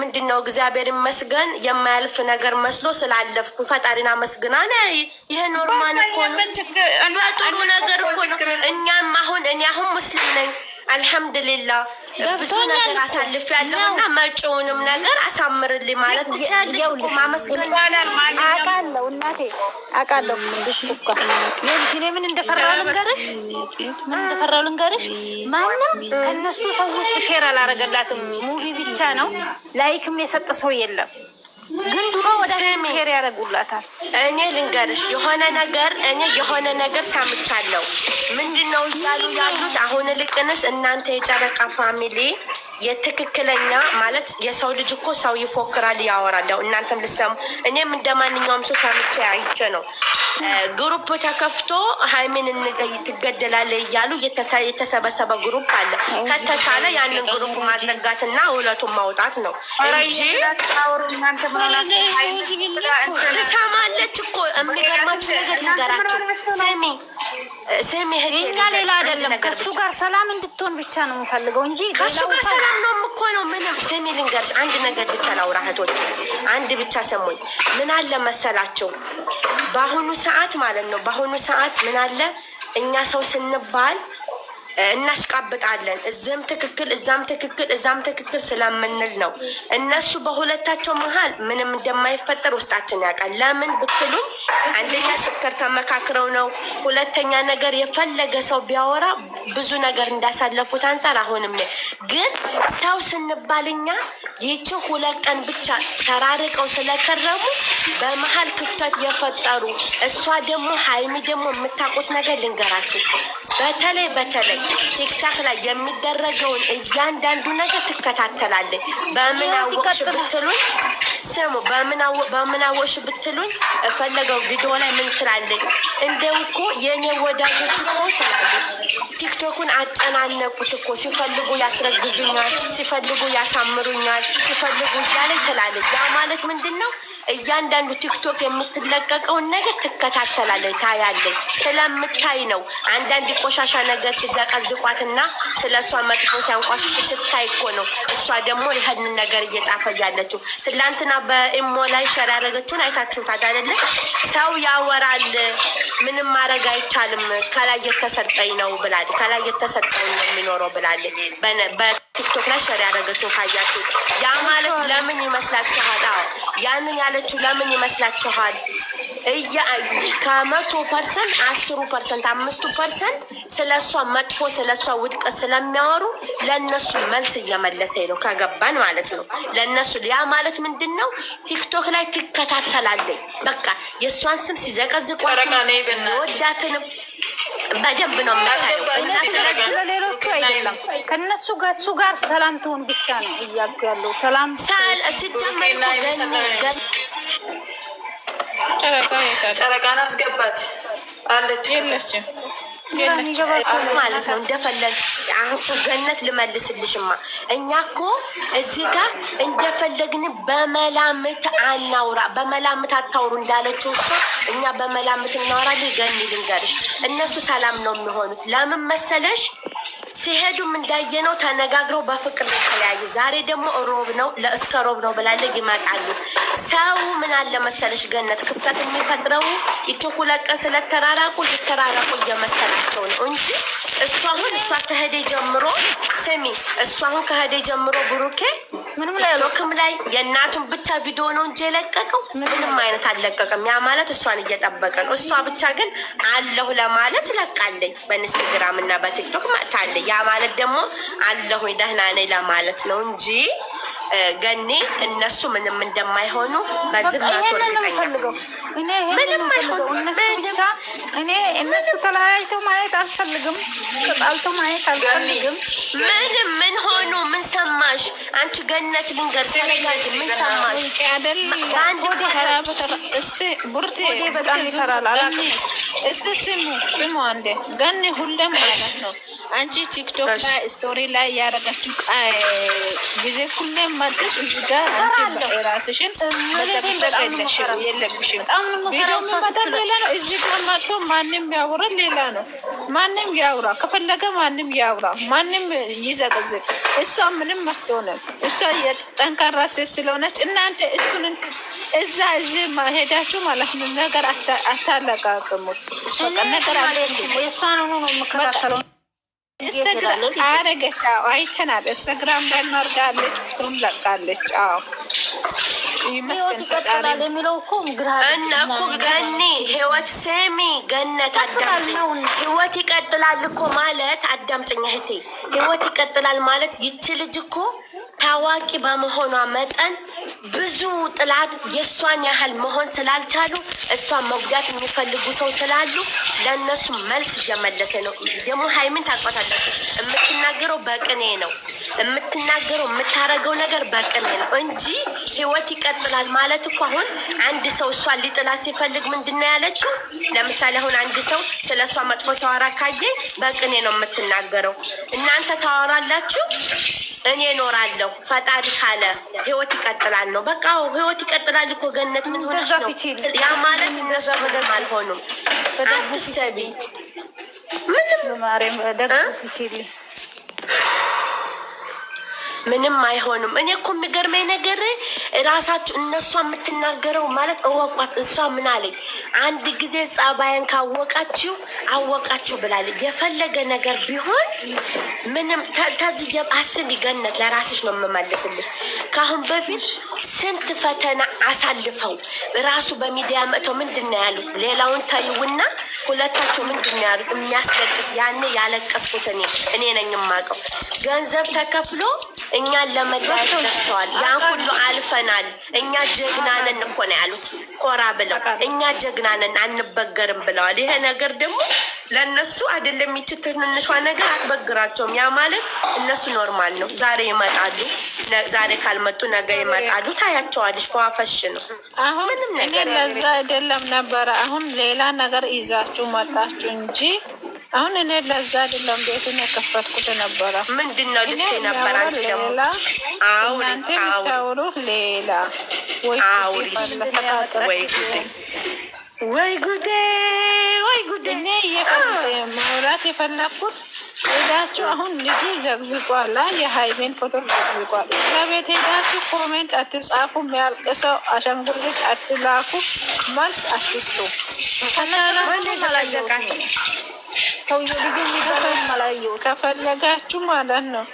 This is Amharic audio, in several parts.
ምንድን ነው እግዚአብሔር ይመስገን የማያልፍ ነገር መስሎ ስላለፍኩ ፈጣሪን አመስግና ነ ይህ እኮ ነው። በጥሩ ነገር እኮ ነው። እኛም አሁን እኔ አሁን ሙስሊም ነኝ አልሐምድሊላህ ብዙ ነገር አሳልፍ መጪውንም ነገር አሳምርልኝ ማለት ትችላለሽ ማመስገን እናቴ እኔ ምን ልንገርሽ፣ ምን ልንገርሽ። ማንም ሰው ውስጥ ሼር አላረገላትም። ሙቪ ብቻ ነው ላይክም የሰጠ ሰው የለም። ግን ድሮ ወደ ሄር ያደርጉላታል። እኔ ልንገርሽ የሆነ ነገር እኔ የሆነ ነገር ሰምቻለሁ። ምንድን ነው እያሉ ያሉት? አሁን ልቅንስ እናንተ የጨረቃ ፋሚሊ የትክክለኛ ማለት የሰው ልጅ እኮ ሰው ይፎክራል፣ ያወራል። ያው እናንተም ልሰሙ እኔም እንደ ማንኛውም ሰው ሰምቼ አይቼ ነው ግሩፕ ተከፍቶ ሀይሜን ትገደላለ እያሉ የተሰበሰበ ግሩፕ አለ። ከተቻለ ያንን ግሩፕ ማዘጋት ማዘጋትና እውነቱን ማውጣት ነው እንጂ ትሰማለች እኮ። የሚገርማችሁ ነገር ንገራቸው። ስሚ ስሚ፣ ሌላ አይደለም ከሱ ጋር ሰላም እንድትሆን ብቻ ነው የምፈልገው እንጂ ከሱ ጋር ሰላም ነው እኮ ነው። ምንም ስሚ፣ ልንገርሽ አንድ ነገር ብቻ ላውራ እህቶች፣ አንድ ብቻ ሰሞኝ ምን አለ መሰላቸው በአሁኑ ሰዓት ማለት ነው። በአሁኑ ሰዓት ምን አለ እኛ ሰው ስንባል እናሽቃብጣለን። እዚህም ትክክል፣ እዛም ትክክል፣ እዛም ትክክል ስለምንል ነው። እነሱ በሁለታቸው መሀል ምንም እንደማይፈጠር ውስጣችን ያውቃል። ለምን ብትሉኝ አንደኛ ስክር ተመካክረው ነው። ሁለተኛ ነገር የፈለገ ሰው ቢያወራ ብዙ ነገር እንዳሳለፉት አንጻር አሁንም ግን ሰው ስንባልኛ ይቺ ሁለት ቀን ብቻ ተራርቀው ስለከረሙ በመሀል ክፍተት የፈጠሩ እሷ ደግሞ ሀይሚ ደግሞ የምታውቁት ነገር ልንገራችሁ በተለይ በተለይ ቲክታክ ላይ የሚደረገውን እያንዳንዱ ነገር ትከታተላለች። በምን አወቅሽ ብትሉኝ ስሙ በምናወሽ ብትሉኝ ፈለገው ቪዲዮ ላይ ምን ትላለኝ? እንደው እኮ የእኔ ወዳጆች እኮ ቲክቶኩን አጨናነቁት እኮ ሲፈልጉ ያስረግዙኛል፣ ሲፈልጉ ያሳምሩኛል፣ ሲፈልጉ እያለ ትላለች። ያ ማለት ምንድን ነው? እያንዳንዱ ቲክቶክ የምትለቀቀውን ነገር ትከታተላለች፣ ታያለች። ስለምታይ ነው አንዳንድ ቆሻሻ ነገር ሲዘቀዝቋትና ስለ እሷ መጥፎ ሲያንቋሽሽ ስታይ እኮ ነው እሷ ደግሞ ይህንን ነገር እየጻፈ ያለችው ትላንትና ትናንትና በኢሞ ላይ ሸር ያደረገችውን አይታችሁታል አይደለ? ሰው ያወራል፣ ምንም ማድረግ አይቻልም። ከላይ የተሰጠኝ ነው ብላል። ከላይ የተሰጠኝ ነው የሚኖረው ብላል። በቲክቶክ ላይ ሸር ያደረገችው ካያችሁ ያ ማለት ለምን ይመስላችኋል? ያንን ያለችው ለምን ይመስላችኋል? እያዩ ከመቶ ፐርሰንት አስሩ ፐርሰንት አምስቱ ፐርሰንት ስለ እሷ መጥፎ ስለ እሷ ውድቀት ስለሚያወሩ ለእነሱ መልስ እየመለሰ ነው። ከገባን ማለት ነው ለእነሱ ያ ማለት ምንድን ነው? ቲክቶክ ላይ ትከታተላለኝ በቃ የእሷን ስም ሲዘቀዝቁ ወዳትንም በደንብ ነው ስለሌሎቹ አይደለም ከእነሱ ጋር እሱ ጋር ሰላም ትሆን ብቻ ነው እያሉ ያለው ሰላም ስጀምር ጨረቃን አስገባት አለች። የለችም ማለት ነው እንደፈለግ አሁን ገነት ልመልስልሽማ። እኛ እኮ እዚህ ጋር እንደፈለግን በመላምት አናውራ፣ በመላምት አታውሩ እንዳለችው እሷ እኛ በመላምት እናወራ ገኒ ልንገርሽ፣ እነሱ ሰላም ነው የሚሆኑት። ለምን መሰለሽ ሲሄዱም እንዳየነው ተነጋግረው በፍቅር የተለያዩ። ዛሬ ደግሞ ሮብ ነው፣ ለእስከ ሮብ ነው ብላለች። ይመጣሉ። ሰው ምን አለ መሰለሽ ገነት ክፍተት የሚፈጥረው ይቺ ሁለት ቀን ስለተራራቁ የተራራቁ እየመሰላቸው ነው እንጂ እሱ አሁን እሷ ከሄደ ጀምሮ ስሚ፣ እሱ አሁን ከሄደ ጀምሮ ብሩኬ ቲክቶክም ላይ የእናቱን ብቻ ቪዲዮ ነው እንጂ የለቀቀው ምንም አይነት አልለቀቀም። ያ ማለት እሷን እየጠበቀ ነው። እሷ ብቻ ግን አለሁ ለማለት ለቃለኝ በኢንስታግራም እና በቲክቶክ መጥታለኝ። ያ ማለት ደግሞ አለሁኝ ደህና ነኝ ለማለት ነው እንጂ ገኔ እነሱ ምንም እንደማይሆኑ በዝምናቱ እነሱ ተለያይቶ ማየት አልፈልግም፣ ተጣልቶ ማየት አልፈልግም። ምንም ምን ሆኑ? ምን ሰማሽ አንቺ ገነት? ስሙ ስሙ፣ አንዴ ገኔ ሁሌም ማለት ነው አንቺ ቲክቶክ ላይ ስቶሪ ላይ ያደረጋችሁ ጊዜ ሁሌም አማርክሽ እዚህ ጋር አንቺ የራስሽን መጨቅጨቅ የለብሽም። ቪዲዮ የሚመጣው ሌላ ነው። እዚህ ጋር መጥቶ ማንም ያውራ ሌላ ነው። ማንም ያውራ ከፈለገ ማንም ያውራ፣ ማንም ይዘቅዝቅ። እሷ ምንም አትሆንም። እሷ የጠንካራ ሴት ስለሆነች እናንተ እሱን እዛ እዚህ ሄዳችሁ ማለት ነው ነገር አታለቃቅሙት ነገር አለ ኢንስታግራም አረገች። አዎ አይተናል። ኢንስታግራም ላይ ፎቶም ለቃለች። አዎ ይመስገን ገኒ ህይወት፣ ገነት አዳምጪ ህይወት ይቀጥላል እኮ ማለት አዳምጠኛ እህቴ፣ ህይወት ይቀጥላል ማለት ይቺ ልጅ እኮ ታዋቂ በመሆኗ መጠን ብዙ ጥላት የእሷን ያህል መሆን ስላልቻሉ እሷን መጉዳት የሚፈልጉ ሰው ስላሉ ለእነሱ መልስ እየመለሰ ነው። ደግሞ ሀይሚን ታውቃታላችሁ፣ የምትናገረው በቅኔ ነው የምትናገረው የምታረገው ነገር በቅኔ ነው እንጂ ህይወት ይቀጥላል ማለት እኮ አሁን አንድ ሰው እሷን ሊጥላት ሲፈልግ ምንድን ነው ያለችው? ለምሳሌ አሁን አንድ ሰው ስለ እሷ መጥፎ አራካ ስላየኝ በቅኔ ነው የምትናገረው። እናንተ ታወራላችሁ፣ እኔ እኖራለሁ። ፈጣሪ ካለ ህይወት ይቀጥላል ነው በቃ። ህይወት ይቀጥላል እኮ ገነት ምን ሆነች ነው ያ ማለት። እነሱ ምንም አልሆኑም። አትሰቢ ምንም ምንም አይሆኑም። እኔ እኮ የሚገርመኝ ነገር ራሳቸው እነሷ የምትናገረው ማለት እወቋት። እሷ ምን አለኝ? አንድ ጊዜ ጸባይን ካወቃችሁ አወቃችሁ ብላለች። የፈለገ ነገር ቢሆን ምንም ተዚህ አስቢ፣ ገነት ለራስሽ ነው የምመልስልሽ። ከአሁን በፊት ስንት ፈተና አሳልፈው ራሱ በሚዲያ መጥተው ምንድን ነው ያሉት? ሌላውን ተይውና ሁለታቸው ምንድን ነው ያሉት? የሚያስለቅስ ያኔ ያለቀስኩት እኔ እኔ ነኝ የማውቀው ገንዘብ ተከፍሎ እኛን ለመለያየት ደርሰዋል። ያን ሁሉ አልፈ አልፈናል፣ እኛ ጀግናነን እኮ ነው ያሉት። ኮራ ብለው እኛ ጀግናነን አንበገርም ብለዋል። ይሄ ነገር ደግሞ ለእነሱ አይደለም፣ ይች ትንንሿ ነገር አትበግራቸውም። ያ ማለት እነሱ ኖርማል ነው። ዛሬ ይመጣሉ፣ ዛሬ ካልመጡ ነገ ይመጣሉ። ታያቸዋለች። ከዋፈሽ ነው አሁን ምንም ነገር። ለዛ አይደለም ነበረ። አሁን ሌላ ነገር ይዛችሁ መጣችሁ እንጂ አሁን እኔ ለዛ አይደለም ቤቱን የከፈትኩት ነበረ። ምንድን ነው ልትይ ነበር አንቺ እናንተ የምታወሩ ሌላ። ወይ ጉዴ ወይ ጉዴ! እኔ ማውራት የፈለግኩት ሄዳችሁ አሁን ልጁ ዘግዝቋል፣ የሀይሜን ፎቶ ዘግዝቋል። እዛ ቤት ሄዳችሁ ኮሜንት አትጻፉ፣ የሚያልቅ ሰው አሻንጉሊት አትላኩ፣ መልስ አትስጡ። ሰውዬው ልጁ የሚደፈን መላየው ከፈለጋችሁ ማለት ነው።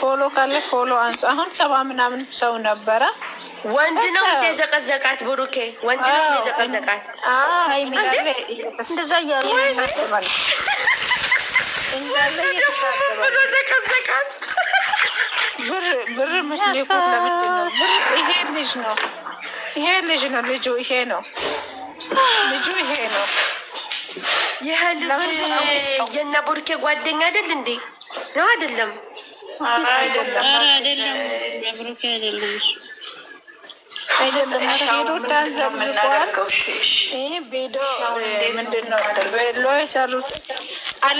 ፎሎ ካለ ፎሎ አንሱ። አሁን ሰባ ምናምን ሰው ነበረ። ወንድ ነው እንደ ዘቀዘቃት ብሩኬ፣ ወንድ ነው እንደዘቀዘቃት እንደዛ እያሉ ዘቀዘቃት። ብር ብር ምትልኩት ለምንድን ይሄ ልጅ ነው፣ ይሄ ልጅ ነው፣ ልጁ ይሄ ነው፣ ልጁ ይሄ ነው። ይህ ልጅ የእነ ቡርኬ ጓደኛ አይደል እንዴ? ነው አይደለም?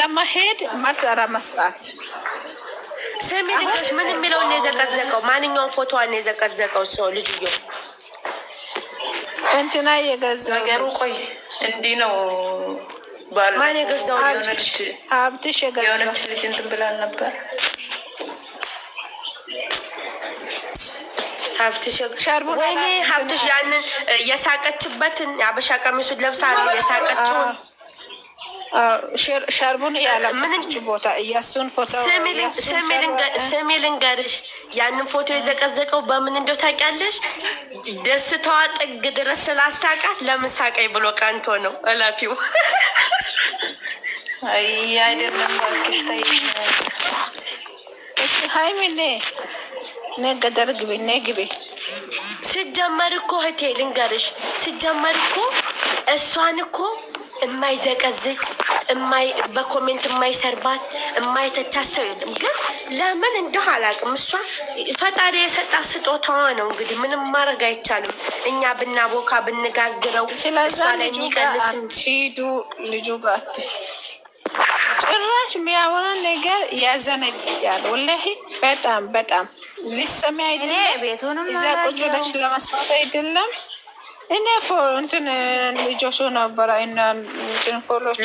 አለመሄድ መልስ አለመስጣት። ስሚ ልጆች፣ ምን የሚለውን የዘቀዘቀው ማንኛውም ፎቶዋን የዘቀዘቀው ሰው ልጅየው እንትና የገዛ ነገሩ ቆይ እንዲህ ነው ባልማን የገዛው ሀብትሽ የሆነች ልጅ እንትን ብላል ነበር። ሀብትሽ ያንን የሳቀችበትን የአበሻ ቀሚሱን ለብሳ የሳቀችውን ሸርቡን ያለምንጭ ቦታ እያሱን ፎቶ ያንን ፎቶ የዘቀዘቀው በምን እንደው ታውቂያለሽ? ደስታዋ ጥግ ድረስ ስላሳቃት ለምን ሳቀኝ ብሎ ቀንቶ ነው። እላፊው ሲጀመር እኮ ልንገርሽ፣ ሲጀመር እኮ እሷን እኮ የማይዘቀዝቅ በኮሜንት የማይሰርባት የማይተቻት ሰው የለም። ግን ለምን እንደሁ አላውቅም። እሷ ፈጣሪ የሰጣት ስጦታዋ ነው። እንግዲህ ምንም ማድረግ አይቻልም። እኛ ብናቦካ ብንጋግረው ስለዛ ልጁ ጋር ጭራሽ የሚያወራ ነገር ያዘነግያል። ወላሂ በጣም በጣም ሊሰሚ አይደለም። እዛ ቁጭ ብለሽ ለመስማት አይደለም እኔ እንትን ልጆቹ ነበረ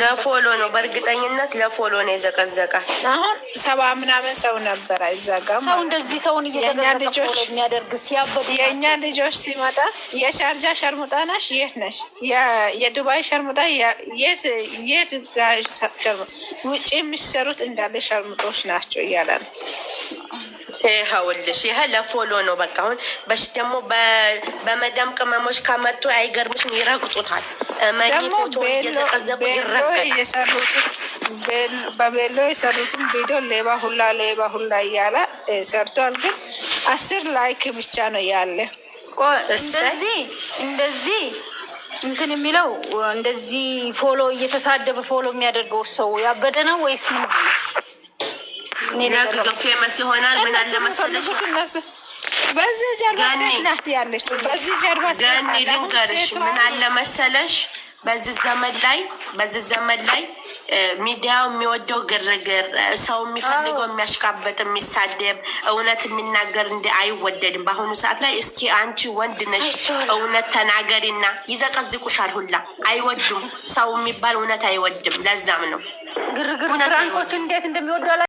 ለፎሎ ነው፣ በእርግጠኝነት ለፎሎ ነው የዘቀዘቀ። አሁን ሰባ ምናምን ሰው ነበረ ይዘጋ። ሰው እንደዚህ ሰውን እየዘቀዘቀ የሚያደርግ ሲያበድ የእኛ ልጆች ሲመጣ የሻርጃ ሸርሙጣ ነሽ የት ነሽ? የዱባይ ሸርሙጣ የት የት? ውጭ የሚሰሩት እንዳለ ሸርሙጦች ናቸው እያለ ነው ይኸውልሽ ይሄ ለፎሎ ነው። በቃ አሁን በሽ ደግሞ በመዳም ቅመሞች ከመጡ አይገርምሽም? ይረግጡታል። መፎቶ እየዘቀዘቁ ይረግጣል። በቤሎ የሰሩትን ቪዲዮ ሌባ ሁላ ሌባ ሁላ እያለ ሰርቷል። ግን አስር ላይክ ብቻ ነው ያለ። እንደዚህ እንደዚህ እንትን የሚለው እንደዚህ ፎሎ እየተሳደበ ፎሎ የሚያደርገው ሰው ያበደ ነው ወይስ ምንድን ሌላ ጊዜ ፌመስ ይሆናል። ምን አለ መሰለሽ በዚህ ጀርባ ሴት ናት ያለችው። በዚህ ጀርባ ሴት ልንገርሽ፣ ምን አለ መሰለሽ በዚህ ዘመን ላይ በዚህ ዘመን ላይ ሚዲያው የሚወደው ግርግር፣ ሰው የሚፈልገው የሚያሽቃበጥ፣ የሚሳደብ፣ እውነት የሚናገር እንደ አይወደድም። በአሁኑ ሰዓት ላይ እስኪ አንቺ ወንድ ነሽ እውነት ተናገሪና ይዘቀዝቁሻል። ሁላ አይወዱም። ሰው የሚባል እውነት አይወድም። ለዛም ነው ግርግር፣ ፍራንኮች እንዴት እንደሚወዱ